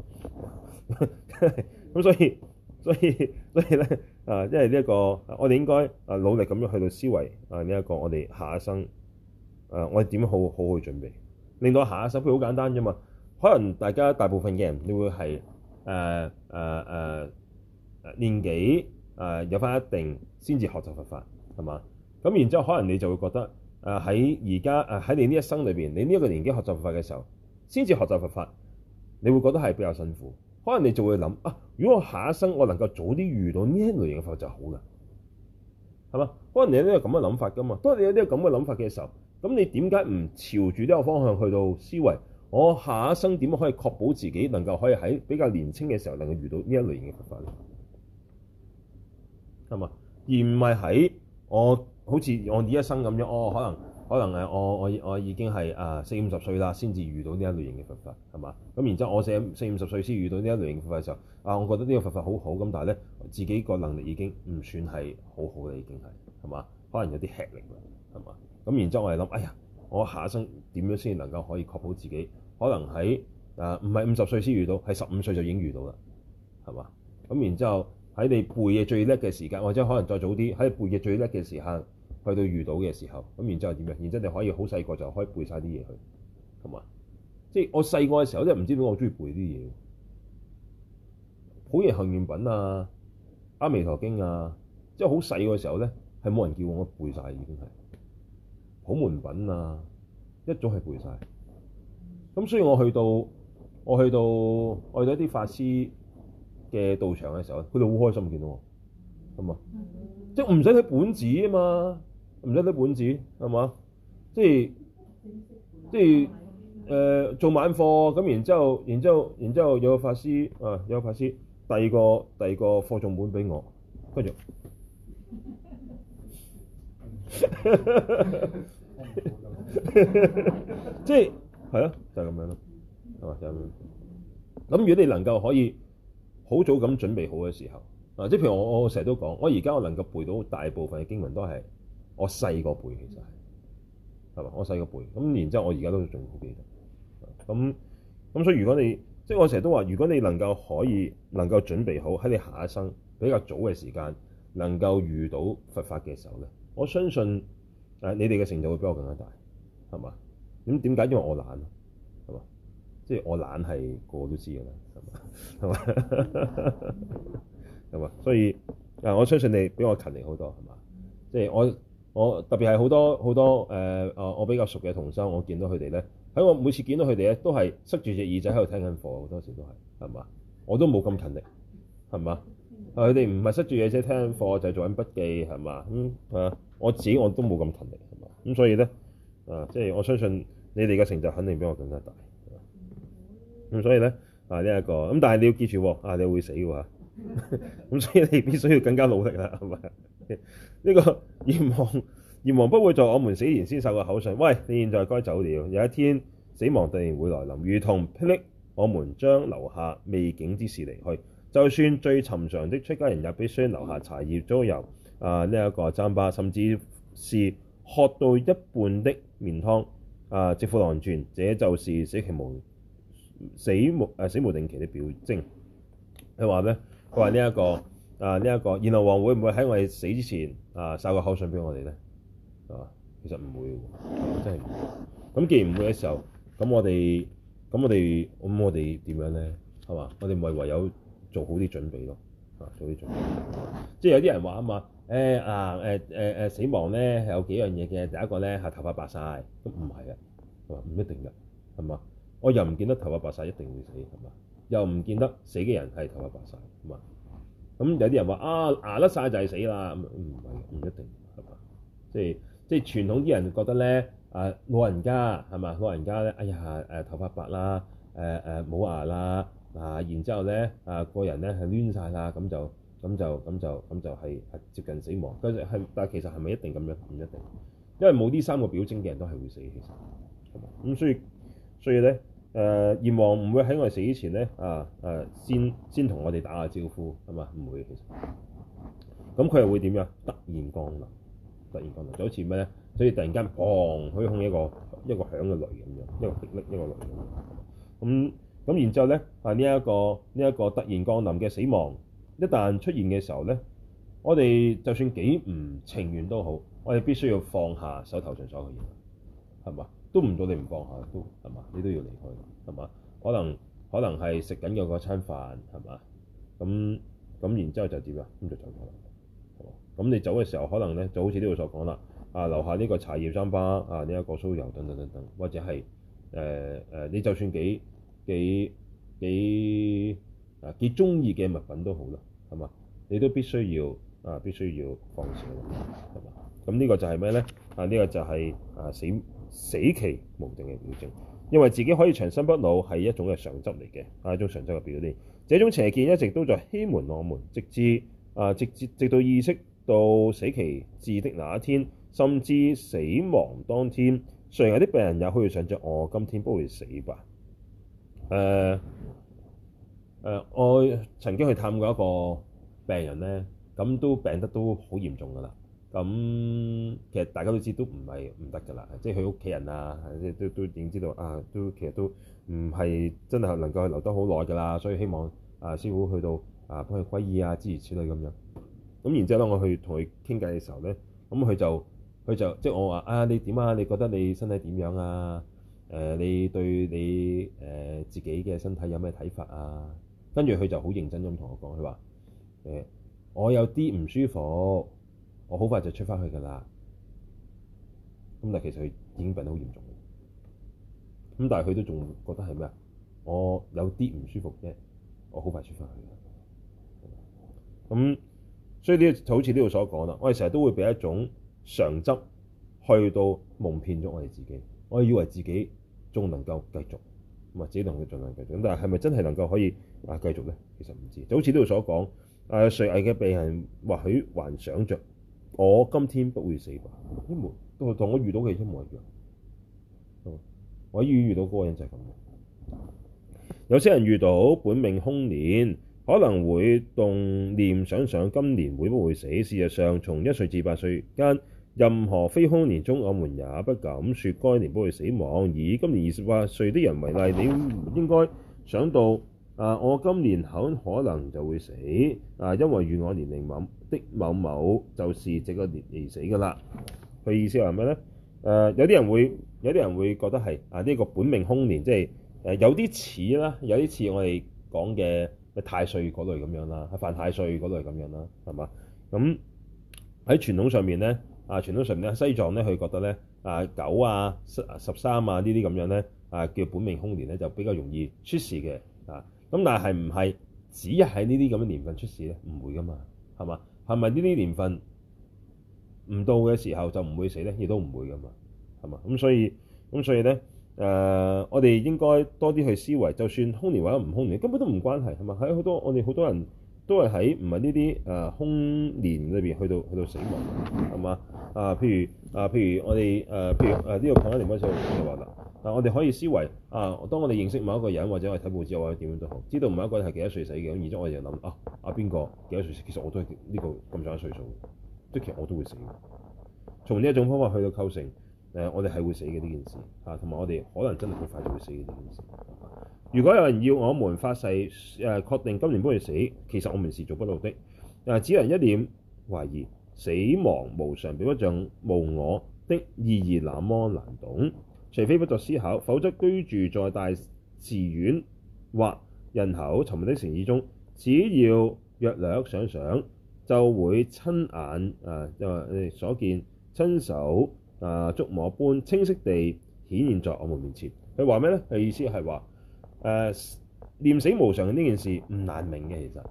咁， 所以所以所以咧啊，因為呢一個，我哋應該啊努力咁樣去到思維啊呢一個，我哋下一生啊，我哋點樣好好去準備，令到下一生，譬如好簡單啫嘛。可能大家大部分嘅人，你會係誒誒誒年紀誒、呃、有翻一定先至學習佛法，係嘛？咁然之後，可能你就會覺得啊喺而家啊喺你呢一生裏邊，你呢一個年紀學習佛法嘅時候，先至學習佛法，你會覺得係比較辛苦，可能你就會諗啊，如果我下一生我能夠早啲遇到呢一類型嘅法就好嘅，係嘛？可能你有呢個咁嘅諗法噶嘛？當你有呢個咁嘅諗法嘅時候，咁你點解唔朝住呢個方向去到思維？我下一生點樣可以確保自己能夠可以喺比較年輕嘅時候能夠遇到呢一類型嘅佛法咧？係嘛？而唔係喺我好似我呢一生咁樣，哦，可能。可能誒，我我我已經係啊四五十歲啦，先至遇到呢一類型嘅佛法，係嘛？咁然之後，我四四五十歲先遇到呢一類型佛法嘅時候，啊，我覺得呢個佛法好好，咁但係咧，自己個能力已經唔算係好好嘅，已經係係嘛？可能有啲吃力啦，係嘛？咁然之後我係諗，哎呀，我下生點樣先能夠可以確保自己？可能喺啊唔係五十歲先遇到，係十五歲就已經遇到啦，係嘛？咁然之後喺你背嘢最叻嘅時間，或者可能再早啲喺背嘢最叻嘅時間。去到遇到嘅時候，咁然之後點樣？然之後你可以好細個就可以背晒啲嘢去，係嘛？即係我細個嘅時候我，我真係唔知點解我中意背啲嘢，好似《普賢行願品》啊，《阿彌陀經》啊，即係好細個嘅時候咧，係冇人叫我背晒。已經係普門品啊，一早係背晒。咁所以我去到，我去到我哋一啲法師嘅道場嘅時候，佢哋好開心見到我，咁、嗯、嘛？即係唔使睇本子啊嘛～唔得啲本子係嘛？即係即係誒做晚課咁，然之後，然之後，然之後有個法師啊，有個法師第二個第二個課仲本俾我，跟住即係係咯，就係咁樣咯，係嘛就咁諗。如果你能夠可以好早咁準備好嘅時候啊，即係譬如我我成日都講，我而家我能夠背到大部分嘅經文都係。我細個輩其實係，係嘛？我細個輩咁，然之後我而家都仲好記得咁咁。所以如果你即係我成日都話，如果你能夠可以能夠準備好喺你下一生比較早嘅時間，能夠遇到佛法嘅時候咧，我相信誒你哋嘅成就會比我更加大係嘛。咁點解？因為我懶係嘛，即係我懶係個個都知㗎啦係嘛係嘛，所以誒我相信你比我勤力好多係嘛，即係我。我特別係好多好多誒啊、呃！我比較熟嘅同生。我見到佢哋咧，喺我每次見到佢哋咧，都係塞住隻耳仔喺度聽緊課，好多時都係，係嘛？我都冇咁勤力，係嘛？啊，佢哋唔係塞住隻耳仔聽緊課，就係、是、做緊筆記，係嘛？咁、嗯、啊，我自己我都冇咁勤力，係嘛？咁所以咧啊，即係我相信你哋嘅成就肯定比我更加大。咁所以咧啊，呢、這、一個咁，但係你要記住喎，啊，你會死喎，咁、啊、所以你必須要更加努力啦，係嘛？呢、這個閻王，閻王不會在我們死前先受個口信。喂，你現在該走了。有一天死亡突然會來臨，如同霹靂，我們將留下未竟之事離去。就算最尋常的出家人，也必須留下茶葉、酥油啊呢一個糌粑，甚至是喝到一半的麵湯啊、呃，而赴黃泉。這就是死期無死無誒、呃、死無定期的表徵。佢話咩？佢話呢一個。啊！呢一個，閻羅王會唔會喺我哋死之前啊，捎個口信俾我哋咧？係、啊、其實唔會，真係唔會。咁既然唔會嘅時候，咁我哋，咁我哋，咁我哋點樣咧？係嘛？我哋咪唯有做好啲準備咯、 欸。啊，做啲準備。即係有啲人話啊嘛，誒啊誒誒誒，死亡咧有幾樣嘢嘅。第一個咧係頭髮白晒，咁唔係嘅，係嘛？唔一定嘅，係嘛？我又唔見得頭髮白晒，一定會死，係嘛？又唔見得死嘅人係頭髮白晒。係嘛？咁有啲人話啊牙甩晒就係死啦，唔唔唔一定係嘛，即係即係傳統啲人覺得咧啊老人家係嘛老人家咧哎呀誒頭髮白啦誒誒冇牙啦啊然之後咧啊個人咧係攣晒啦咁就咁就咁就咁就係係接近死亡，但其實但係其實係咪一定咁樣唔一定，因為冇呢三個表徵嘅人都係會死其實，咁所以所以咧。誒，閻王唔會喺我哋死之前咧，啊誒、啊，先先同我哋打下招呼，係嘛？唔會其實會，咁佢又會點樣？突然降臨，突然降臨就好似咩咧？所以突然間 bang 空一個一個,一個響嘅雷咁樣，一個霹靂一個雷咁樣。咁然之後咧，係呢一個呢一,一,一,一,一,一,一個突然降臨嘅死亡，一旦出現嘅時候咧，我哋就算幾唔情願都好，我哋必須要放下手頭上所有嘢，係嘛？都唔到你唔放下都係嘛？你都要離開係嘛？可能可能係食緊嘅嗰餐飯係嘛？咁咁然之後就點啊？咁就走咗啦。咁你走嘅時候，可能咧就好似呢度所講啦。啊，留下呢個茶葉花、糌粑啊，呢、這、一個酥油等等等等，或者係誒誒，你就算幾幾幾啊幾中意嘅物品都好啦，係嘛？你都必須要啊必須要放下。係嘛？咁呢個就係咩咧？啊，呢、這個就係、是、啊死。死期無定嘅表徵，因為自己可以長生不老係一種嘅常執嚟嘅，係一種常執嘅表現。這種邪見一直都在欺瞞我們，直至啊、呃、直至直到意識到死期至的那一天，甚至死亡當天。雖然有啲病人也以想像，我、哦、今天不會死吧。誒、呃、誒、呃，我曾經去探過一個病人呢，咁都病得都好嚴重㗎啦。咁、嗯、其實大家都知都唔係唔得㗎啦，即係佢屋企人啊，即係都已經知道啊，都，都其實都唔係真係能夠留得好耐㗎啦，所以希望啊師傅去到啊幫佢歸依啊諸如此類咁樣。咁、嗯、然之後咧，我去同佢傾偈嘅時候咧，咁、嗯、佢就佢就即係我話啊，你點啊？你覺得你身體點樣啊？誒、呃，你對你誒、呃、自己嘅身體有咩睇法啊？跟住佢就好認真咁同我講，佢話誒，我有啲唔舒服。我好快就出翻去噶啦。咁但係其實佢已經病得好嚴重，咁但係佢都仲覺得係咩啊？我有啲唔舒服啫。我好快出翻去，咁、嗯、所以呢，就好似呢度所講啦。我哋成日都會被一種常執去到蒙騙咗我哋自己。我以為自己仲能夠繼續，唔係自己能夠盡量繼續。咁但係係咪真係能夠可以啊繼續咧？其實唔知，就好似呢度所講誒，垂危嘅病人或許還想着。我今天不會死吧？一模同我遇到嘅一模一樣。我喺醫院遇到嗰個人就係咁。有些人遇到本命凶年，可能會動念想想今年會不會死。事實上，從一歲至八歲間，任何非凶年中，我們也不敢説該年不會死亡。以今年二十八歲啲人為例，你應該想到啊，我今年很可能就會死啊，因為與我年齡吻，的某某就是這個年而死噶啦。佢意思係咩咧？誒、呃，有啲人會，有啲人會覺得係啊呢、這個本命凶年，即係誒有啲似啦，有啲似我哋講嘅太歲嗰類咁樣啦，犯太歲嗰類咁樣啦，係嘛？咁喺傳統上面咧，啊傳統上面咧，西藏咧佢覺得咧啊九啊十十三啊呢啲咁樣咧啊叫本命凶年咧，就比較容易出事嘅啊，咁但係唔係只喺呢啲咁嘅年份出事咧，唔會噶嘛，係嘛？係咪呢啲年份唔到嘅時候就唔會死咧？亦都唔會㗎嘛，係嘛？咁所以咁所以咧，誒、呃，我哋應該多啲去思維，就算空年或者唔空年，根本都唔關係，係嘛？喺好多我哋好多人都係喺唔係呢啲誒空年裏邊去到去到死亡，係嘛？啊、呃，譬如啊、呃，譬如我哋誒、呃，譬如誒、呃呃就是、呢個彭一年歲數就話啦。但我哋可以思維啊，當我哋認識某一個人，或者我哋睇報紙，或者點樣都好，知道某一個人係幾多歲死嘅。咁而家我哋就諗啊，阿、啊、邊個幾多歲死？其實我都係呢個咁上下歲數，即其實我都會死。從呢一種方法去到構成，誒、啊，我哋係會死嘅呢件事啊，同埋我哋可能真係好快就會死嘅呢件事。如果有人要我們發誓誒、啊，確定今年不會死，其實我們是做不到的。啊，只要一點懷疑，死亡無常並不像無我的意義那麼難懂。除非不作思考，否則居住在大寺院或人口稠密的城市中，只要約略想想，就會親眼啊，因、呃、為你所見、親手啊觸、呃、摸般清晰地顯現在我們面前。佢話咩咧？佢意思係話誒，念死無常呢件事唔難明嘅，其實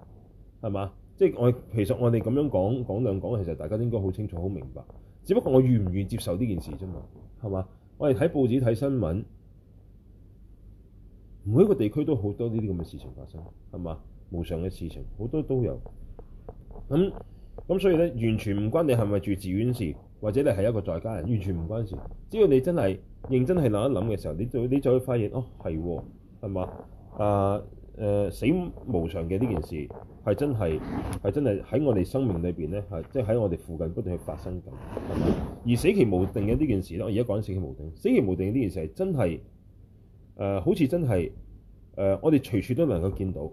係嘛？即係我其實我哋咁樣講講兩講，其實大家應該好清楚、好明白。只不過我願唔願意接受呢件事啫嘛，係嘛？我哋睇報紙睇新聞，每一個地區都好多呢啲咁嘅事情發生，係嘛？無常嘅事情好多都有，咁咁所以咧，完全唔關你係咪住醫院事，或者你係一個在家人，完全唔關事。只要你真係認真係諗一諗嘅時候，你就你就會發現，哦係，係嘛？啊！呃誒，死無常嘅呢件事係真係係真係喺我哋生命裏邊咧，係即係喺我哋附近不斷去發生緊。而死期無定嘅呢件事咧，我而家講緊死期無定。死期無定嘅呢件事係真係誒、呃，好似真係誒、呃，我哋隨處都能夠見到，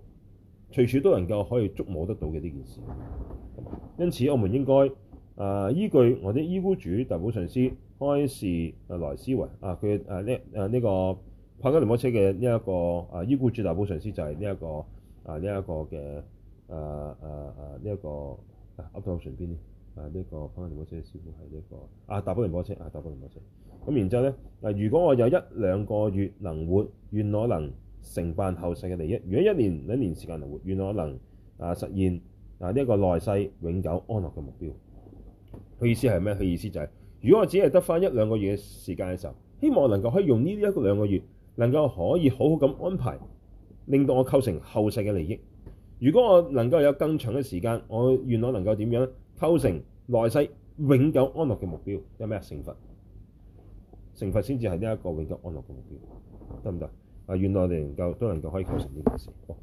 隨處都能夠可以觸摸得到嘅呢件事。因此，我們應該誒、呃、依據我哋醫護主大保上師開示誒來思維啊，佢誒呢誒呢個。派緊仁波切嘅呢一個、呃、啊，依股最大保存師就係呢一個啊，呢、這、一個嘅啊啊啊呢一個 option 邊啊呢個派緊仁波切師傅係呢個啊，大保仁波切啊，大保仁波切咁然之後咧嗱、啊，如果我有一兩個月能活，願我能成辦後世嘅利益；如果一年兩年時間能活，願我能啊實現啊呢一、這個內世永久安樂嘅目標。佢意思係咩？佢意思就係、是，如果我只係得翻一兩個月嘅時間嘅時候，希望能夠可以用呢一兩個，個月。能夠可以好好咁安排，令到我構成後世嘅利益。如果我能夠有更長嘅時間，我原來能夠點樣構成來世永久安樂嘅目標？有咩啊？成佛，成佛先至係呢一個永久安樂嘅目標，得唔得啊？原來我哋能夠都能夠可以構成呢件事。哦。